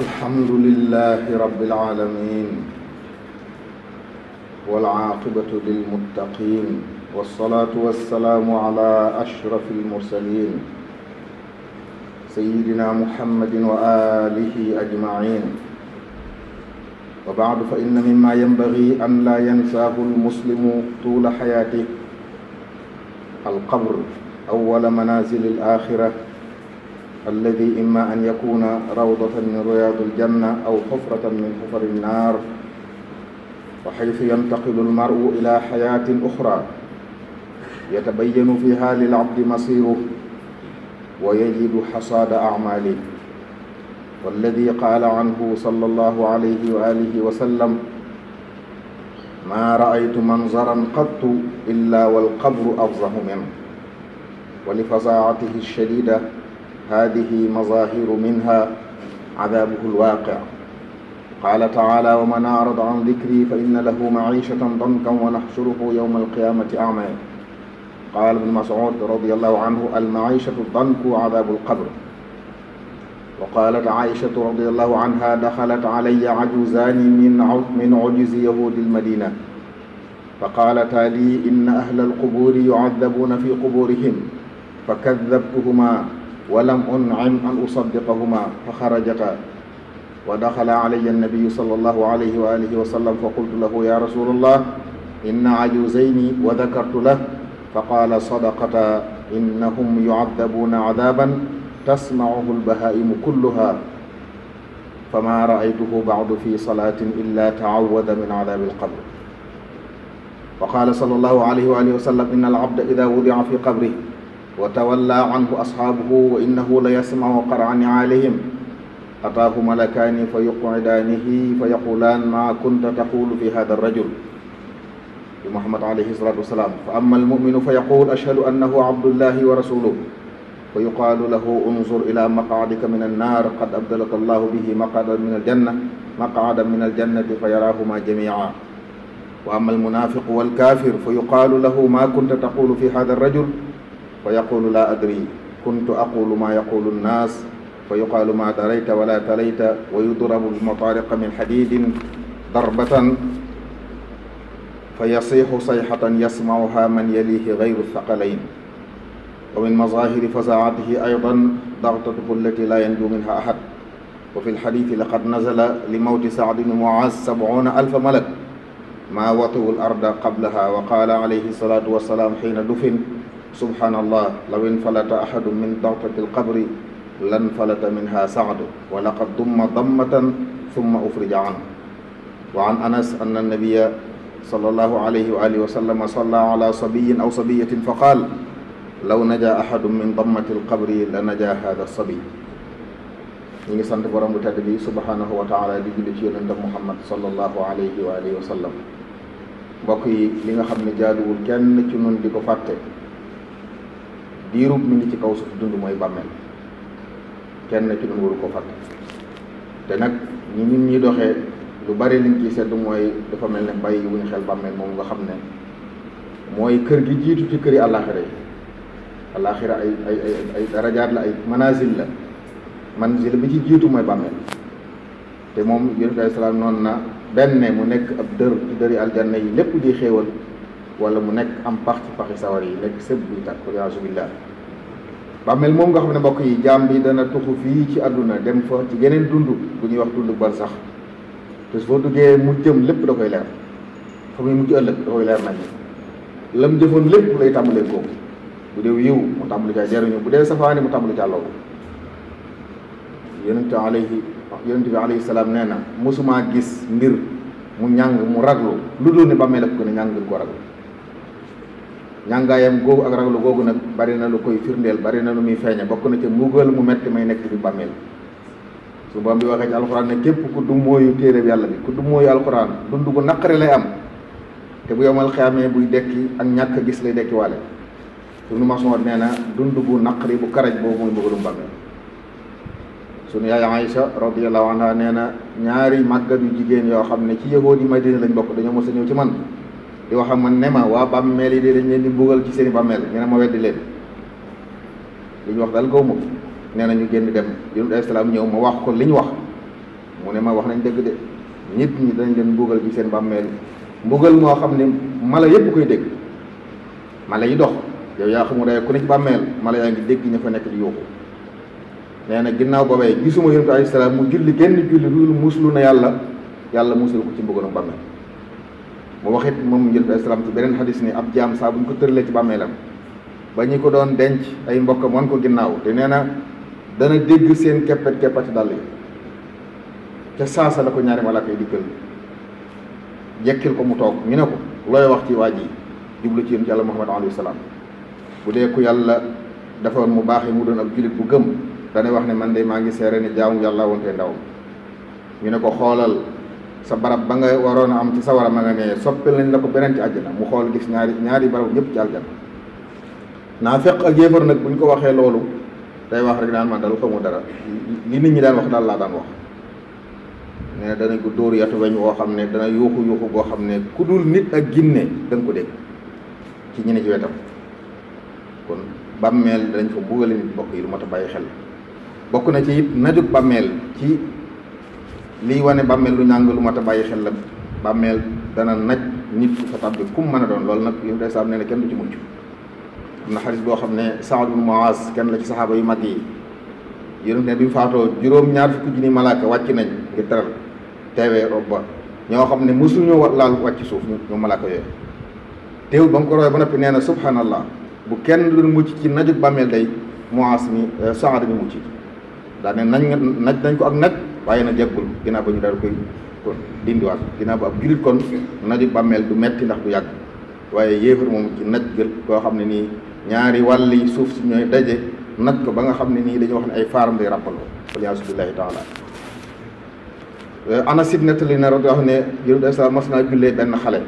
الحمد لله رب العالمين والعاقبة للمتقين والصلاة والسلام على أشرف المرسلين سيدنا محمد وآله أجمعين وبعد فإن مما ينبغي أن لا ينساه المسلم طول حياته القبر أول منازل الآخرة الذي إما أن يكون روضة من رياض الجنة أو حفرة من حفر النار وحيث ينتقل المرء إلى حياة أخرى يتبين فيها للعبد مصيره ويجد حصاد أعماله والذي قال عنه صلى الله عليه وآله وسلم ما رأيت منظرا قط إلا والقبر أفظه منه ولفظاعته الشديدة هذه مظاهر منها عذابه الواقع قال تعالى ومن أعرض عن ذكري فإن له معيشة ضنكا ونحشره يوم القيامة أعمى قال ابن مسعود رضي الله عنه المعيشة الضنك وعذاب القبر وقالت عائشة رضي الله عنها دخلت علي عجوزان من من عجز يهود المدينة فقالتا لي إن أهل القبور يعذبون في قبورهم فكذبتهما walam un'im an usaddiqahuma fa xarajata wa daxala alayya annabiyu sallallahu alayhi wa alihi wa sallam fa qultu lahu ya rasulallah inna ajuzayni wa dakartu lahu fa qaala sadaqata innahum yu'adabuuna adaban tasma'uhu albahaa'imu kulluha fama ra'aytuhu ba'du fi salaatin illa ta'awwada min adaabi alqabr wa qaala sallallahu alayhi wa alihi wa sallam inna alabda ida wudi'a fi qabrihi wa tawalla anhu ashaabuhu wa innahu la yasmacu qarani alayhim ataahu malakaani fa yuqcidaanihi fa yaqulaan maa kunta taquulu fi hada arrajul bi muhammad alayhi salaatu wasalaam fa amma almuminu fa yaquul ashhadu annahu abdullahi wa rasuluhu fa yuqaalu lahu unzur ila maqaadika min annaar qad abdalaka allahu bihi maqaadan min aljanna maqaadan min aljannati fa yaraahumaa jamiican wa amma almunaafiqu walkaafir fa yuqaalu lahu maa kunta taquulu fi hada arrajul fa yaqulu laa adri kuntu aqulu maa yaqulu nnaas fa yuqaalu maa darayta wala talayta wa yudrabu bi matariqa min xadidin darbatan fa yasiixu sayxatan yasmauha man yalihi gayru thaqalayn wa min mazahiri fasaatihi aydan dartatuhu allati laa yanju minha ahad wa fi lxadiiti laqad nazala li mawti saad bni muaz sabuna alfa malak maa watiwu l arda qablaha wa qaala alayhi salaatu wasalaam xiina dufin subhaanallah law infalata ahadu min dawtati alqabri lan falata minha saadu wa laqad dumma dammatan summa ufrija anhu wa an anas anna annabiya sallallahu alayhi wa alihi wa sallama salla ala sabiyin aw sabiyatin fa qaal law naja ahadu min dammati alqabri la naja hada sabi ñi ngi sant borom bu tedd bi subhaanahu wa taala di julli ci yonente muhammad sallallahu alayhi wa alihi wa sallam mbokk yi li nga xam ne jaaduwul kenn ci nun di ko fàtte diirub mi ngi ci kaw suuf dund mooy bàmmeel kenn ci ñun waru ko fàtte te nag ñi ñun ñuy doxee lu bare liñ ciy sedd mooy dafa mel ne bàyyi wuñ xel bàmmeel moom nga xam ne mooy kër gi jiitu ci këri àllaaxira yi àllaaxira ay ay ay ay la ay manazil la manazil bi ci jiitu mooy bàmmeel te moom yonent bi alayhi salaam na benn mu nekk ab dër ci yi lépp di xéewal wala mu nekk am pax ci paxi sawar yi lekk sëb buy tàkk yaasu billah bàmmeel moom nga xam ne mbokk yi jaam bi dana tuxu fii ci àdduna dem fa ci geneen dund bu ñuy wax dund bal sax te su duggee mu jëm lépp da koy leer fa muy mujj ëllëg da koy leer nañ lam jëfoon lépp lay tàmbalee kooku bu dee yiw mu tàmbali caa jariñu bu dee safaani mu tàmbali caa loolu yonente alayhi yonente bi alayhi salaam nee na mosumaa gis mbir mu ñàng mu raglu lu dul ne bàmmeel ko ne ñàng gën koo raglu ñàngaayam googu ak raglu googu nag bari na lu koy firndeel bari na lu muy feeñe bokk na ca mbugal mu metti may nekk ci bàmmeel su boom bi waxee ci alxuraan ne képp ku du mooyu téere yàlla bi ku du mooyu alxuraan dund lay am te bu yomal xeamee buy dekki ak ñàkk gis lay dekki waale sunu nee na dund gu bu karaj boobu mooy mbugalum bàmmeel sunu yaay Aïcha radiyallahu anha nee na ñaari màggat yu jigéen yoo xam ne ci yahood yi Madina lañ bokk dañoo mos a ñëw ci man di waxam ak man ne ma waa bàmmeel yi de dañ leen di mbugal ci seen i bàmmeel ñu ne ma weddi leen li wax daal gaw ma nee na ñu génn dem Jibril alayhi salaam ñëw ma wax ko li ñu wax mu ma wax nañ dëgg de nit dañ leen mbugal ci seen bàmmeel mbugal moo xam ne mala yëpp koy dégg mala yi dox yow yaa xamul day ku bàmmeel mala yaa ngi dégg ña fa nekk di yóbbu na ginnaaw boobee gisuma Jibril alayhi salaam mu julli génn julli lu na yàlla yàlla musul ko ci mbugalam bàmmeel mu moom njël bi salaam ci beneen xadis ni ab jaam saa bu ñu ko tëralee ci bàmmeelam ba ñu ko doon denc ay mbokkam wan ko ginnaaw te nee na dana dégg seen keppet keppati dàll yi ca saasa la ko ñaari malaaka yi dikkal jekkil ko mu toog ñu ne ko looy wax ci waa ji jublu ci yéen yàlla Muhammad alayhi salaam bu dee ku yàlla defoon mu baax yi mu doon ak jullit bu gëm dana wax ne man de maa ngi seere ni jaamu yàlla woon te ndawam ñu ne ko xoolal sa barab ba nga waroon a am ci sa sawara ma nga nee soppil nañ la ko beneen ci àjjana mu xool gis ñaari ñaari barab ñëpp ci àjjana naa fekk ak yéefar nag bu ñu ko waxee loolu day wax rek daan man dal dara li nit ñi daan wax daal laa daan wax danañ ko dóor yatu weñ woo xam ne dana yuuxu yuuxu goo xam ne ku dul nit ak ginne da ko dégg ci ñi ne wetam kon bàmmeel danañ fa bugale nit bokk yi lu mat a bàyyi xel bokk na ci it najug bàmmeel ci liy wane bàmmeel lu ñàng lu mat a bàyyi xel la bàmmeel dana nag nit ku fa tàbbi kum mën a doon loolu nag yonent bi salaam nee na kenn du ci mucc am na boo xam ne Saad ibn kenn la ci saxaaba yu mag yi yonent ne bi faatoo juróom-ñaar fukki wàcc nañ ngir teral teewee ñoo xam ne mosuñu laal wàcc suuf ñu malaaka yooyu ba noppi nee na subhanallah bu kenn doon mucc ci najug bàmmeel day Muaz mi Saad mi mucc daa ne nañ nañ ko ak nag waaye na yàggul ginnaaw ba ñu daal koy dindiwaat ginnaaw ba ab jullit kon naju bàmmeel du metti ndax du yàgg waaye yéefar moom ci naj gël koo xam ne nii ñaari wàll suuf si ñooy daje naj ko ba nga xam ne nii dañoo wax ne ay faaram de rappaloo aliasu billahi taala eh, Anas ibn nettali na ne jërëjëf mas naa jullee benn xale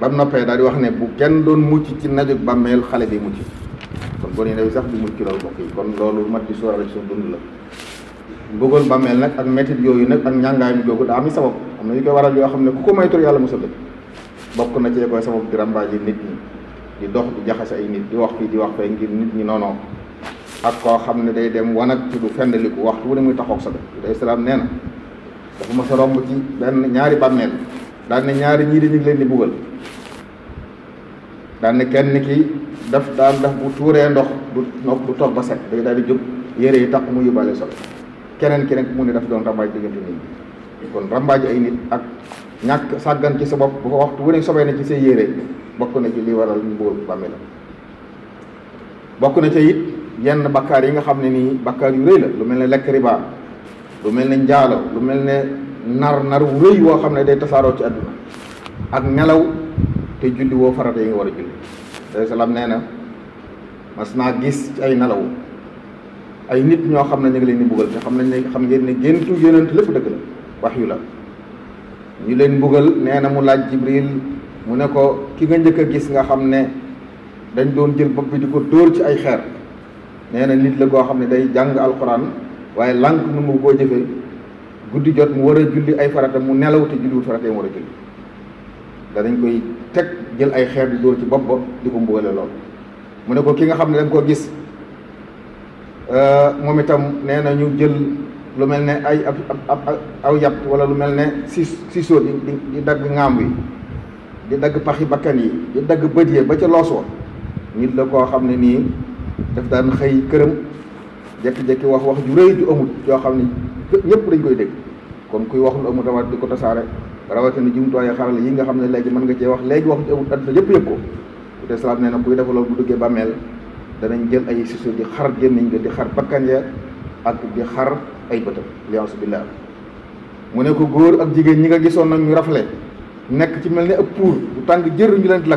ba mu noppee daal di wax ne bu kenn doon mucc ci naju bàmmeel xale bi mucc kon bon yi sax di mucc ci loolu mbokk yi kon loolu mat di sóoraale ci suñu dund la bëggoon bàmmeel nag ak mettit yooyu nag ak ñàngaayam googu daa am sabab am na yu koy waral yoo xam ne ku ko moytul yàlla mosal bokk na ci koy sabab di ràmbaaji nit ñi di dox di jaxase ay nit di wax fii di wax fee ngir nit ñi noonoo ak koo xam ne day dem wanag ci du fendaliku waxtu wu ne muy taxoog sa day islaam nee na dafa ma sa romb ci benn ñaari bàmmeel daan ñaari ñii di ñu ngi leen di buggal daan kenn ki daf daan daf bu tuuree ndox du nopp du ba set day daal di jóg yére yi tax mu yóbbaale solo keneen ki rek mu ni daf doon rambaaj diggante nit ñi kon rambaaj ay nit ak ñàkk sàggan ci sa bopp bu ko waxtu wu ne sobee na ci say yére bokk na ci li waral mbóol bàmmeel bokk na ci it yenn bakkaar yi nga xam ne nii bakkaar yu rëy la lu mel ne lekk riba lu mel ne njaalo lu mel ne nar nar wu rëy woo xam ne day tasaaroo ci àdduna ak nelaw te julli woo farata yi nga war a julli salaam nee na mas naa gis ci ay nelaw ay nit ñoo xam ne ñu ngi leen di mbugal te xam nañ ne xam ngeen ne géntu yonent lépp dëgg la wax yu la ñu leen mbugal nee na mu laaj jibril mu ne ko ki nga njëkk a gis nga xam ne dañ doon jël bopp bi di ko dóor ci ay xeer nee na nit la goo xam ne day jàng alxuraan waaye lànk nu mu koo jëfee guddi jot mu war a julli ay farata mu nelaw te julliwul farata yi mu war a julli danañ koy teg jël ay xeer di dóor ci bopp ba di ko mbugale lool mu ne ko ki nga xam ne da koo gis Euh, moom itam nee na ñu jël lu mel ne ay ab ab aw yàpp wala lu mel ne si sisoo di di dagg ŋaam wi di dagg paxi bakkan yi di dagg bët yi ba ca loosoo nit la koo xam ne nii daf daan xëy këram jekki-jekki wax wax ju rëy ju amul yoo xam ne ñëpp dañ koy dégg kon kuy wax lu a rawat di ko tasaare rawatina jumtuwaay xarala yi nga xam ne léegi mën nga cee wax léegi wax ju amul adduna ko bu dee salaat nee na kuy def loolu bu duggee bàmmeel danañ jël ay siso di xar gémmiñ ga di xar bakkan ya ak di xar ay bëtam liansu billah mu ne ko góor ak jigéen ñi nga gisoon nag ñu rafle nekk ci mel ni ab puur bu tàng jër ñu leen di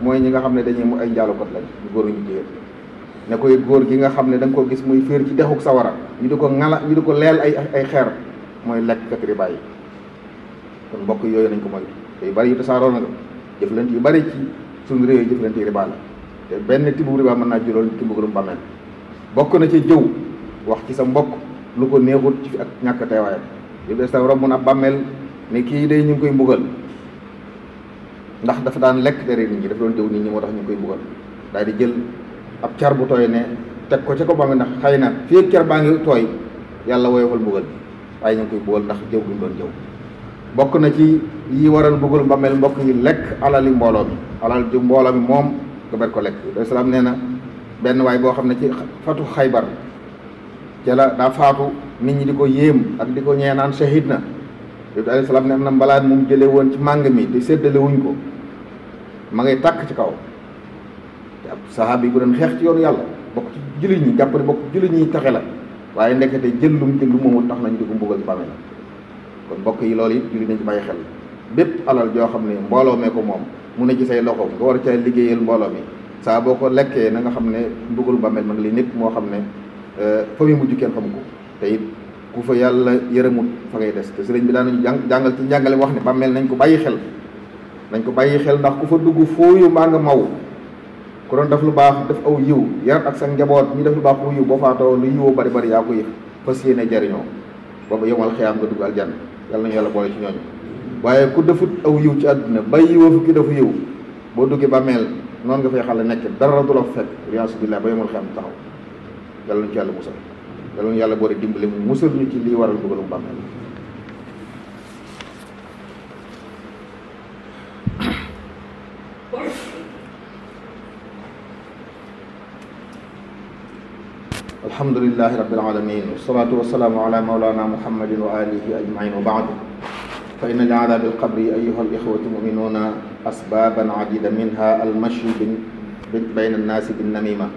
mooy ñi nga xam ne dañuy mu ay njaalukot lañ ñu góor ñu jigéen ne koy góor gi nga xam ne da nga ko gis muy féer ci dexuk sawara ñu di ko ŋala ñu di ko leel ay ay xeer mooy lekk kat riba yi kon mbokk yooyu nañ ko moytu te yu bari yu tasaaroo na jëflante yu bari ci suñu réew yi jëflante riba benn tibb riba mën naa jural ki mbugalum bàmmeel bokk na ci jëw wax ci sa mbokk lu ko neexut ci ak ñàkk teewaayam yu bees na bàmmeel ne kii day ñu ngi koy mbugal ndax dafa daan lekk dere nit ñi daf doon jëw nit ñi moo tax ñu ngi koy mbugal daal di jël ab car bu tooy ne teg ko ca ko bàmmeel ndax xëy na fii car baa ngi tooy yàlla woyofal mbugal waaye ñu ngi koy mbugal ndax jëw gi mu doon jëw bokk na ci yi waral mbugal bàmmeel mbokk yi lekk alali mbooloo mi alal ju mbooloo mi moom nga ko lekk doy salaam nee na benn waay boo xam ne ci fatu xaybar ca la daa faatu nit ñi di ko yéem ak di ko ñee naan shahid na yooyu alayhi salaam ne am na mbalaat moom jële woon ci màng mi di séddale ko ma ngay tàkk ci kaw te ab yi bu doon xeex ci yoonu yàlla bokk ci jullit ñi jàpp ne bokk jullit ñi taxe la waaye ndekete jël lum jël lu moomul tax nañ di ko mbugal ci kon mbokk yi loolu it jullit nañ ci bàyyi xel bépp alal joo xam ne mbooloo mee ko moom mu ne ci say loxo nga war caa liggéeyal mbooloo mi saa boo ko lekkee nanga xam ne mbugalu bàmmeel ma ngi li nekk moo xam ne euh, fa muy mujj kenn xamu ko te it ku fa yàlla yërëmut fa ngay des te sëriñ bi daan nañu jàng jàngal ci njàngale wax ne bàmmeel nañ ko bàyyi xel nañ ko bàyyi xel ndax ku fa dugg fooyu maa nga maw ku doon def lu baax def aw yiw yar ak sa njaboot ñi def lu baax ku yiw boo faatoo lu yiwoo bari bari yaa ko yëg fas yéene jariñoo boobu yomal xiyaam nga dugg aljanna yàlla nañu yàlla boole ci ñooñu waaye ku defut aw yiw ci àdduna bàyyi woo fukki dafa yiw boo duggee bàmmeel noonu nga fay xale nekk dara du la fekk riyaasu billaah ba yemul xam taxaw yàlla ñu ci yàlla musal yàlla ñu yàlla boole dimbali mu musal ñu ci lii waral dugalum bàmmeel alhamdulillahi rabbil alamin wasalaatu wasalaamu ala maulana muhammadin wa alihi ajmain wa baadu فإن لعذاب القبر أيها الإخوة المؤمنون أسبابا عديدة منها المشي بين الناس بالنميمة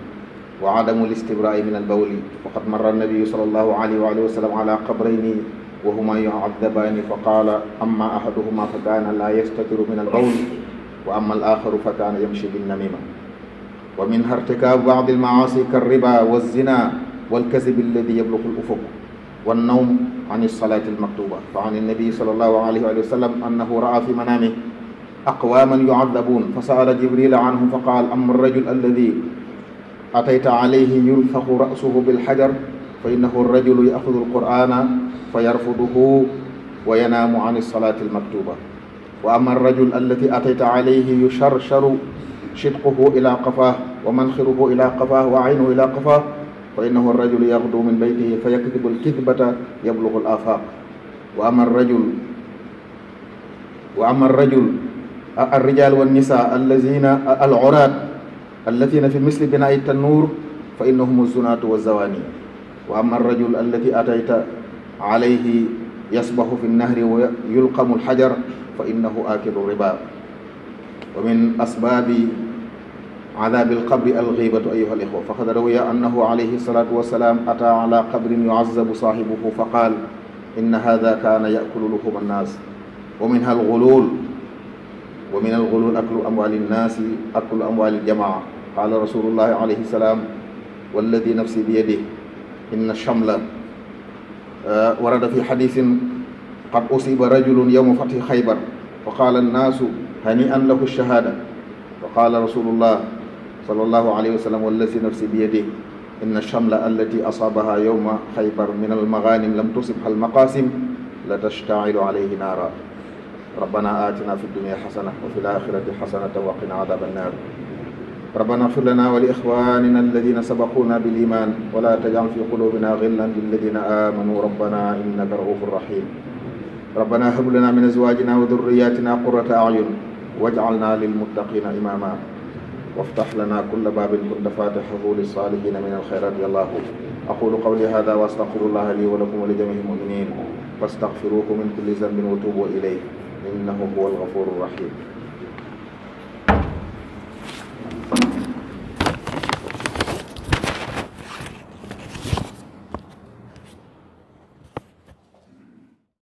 وعدم الاستبراء من البول وقد مر النبي صلى الله عليه وآله وسلم على قبرين وهما يعذبان فقال أما أحدهما فكان لا يستتر من البول وأما الآخر فكان يمشي بالنميمة ومنها ارتكاب بعض المعاصي كالربا والزنا والكذب الذي يبلغ الأفق والنوم an ilsalaati almaktuba fa an ilnabii sal allahu alayhi walihi wa sallam annahu raa fi manaamih aqwaman yucadabuun fa saala jibrila anhum fa qaal ama alrajul alladi atayta alayhi yunfaxu rasuhu bilxajar fa innahu alrajulu yaxudu alqur'ana fa yarfuduhu wa yanaamu an ilsalaati almaktuba wa ama alrajul allati atayta alayhi yusharsharu shidquhu ila qafaa wa manxiruhu ila qafaa wa aynuhu ila qafaa fa innahu rajulu yaxdu min baytihi fa yakdibu alkidbata yablugu al afaq wa ama rajul wa ama rajul الرجال والنساء الذين العراة الذين في مثل بناء التنور فإنهم الزناة والزواني وأما الرجل الذي أتيت عليه يصبح في النهر ويلقم الحجر فإنه آكل الربا ومن أسباب adaabil qabri alxiibatu ayuha alixwa faqad rawiya annahu alayhi salaatu wasalaam ataa ala qabrin yuazabu saaxibuhu fa qaal inna hada kaana yakulu luxuma annaas wa minha algulul wa min algulul aklu amwaali nnaasi aklu amwaali ljamaa qaala rasulullahi alayhi salaam walladi nafsi biyadih inna chamla uh, warada fi xadisin qad usiba rajulun yowma fatxi xaybar fa qaala annaasu hani an lahu shahaada fa qaala rasulullah sallallahu alayhi wa sallam wallazi nafsi bi yadihi inna shamla allati asabaha yowma xaybar min almaganim lam tusibha almaqasim la tashtailu alayhi naara rabbana atina fi dunia xasana wa fi laxirati xasanata wa qina adaba annar ربنا اغفر لنا ولإخواننا الذين سبقونا بالإيمان ولا تجعل في قلوبنا غلا للذين آمنوا ربنا إنك رؤوف رحيم ربنا هب لنا من أزواجنا وذرياتنا قرة أعين واجعلنا للمتقين إماما وافتح لنا كل باب كنت فاتحه للصالحين من الخيرات يا الله أقول قولي هذا وأستغفر الله لي ولكم ولجميع المؤمنين فاستغفروه من كل ذنب وتوبوا إليه إنه هو الغفور الرحيم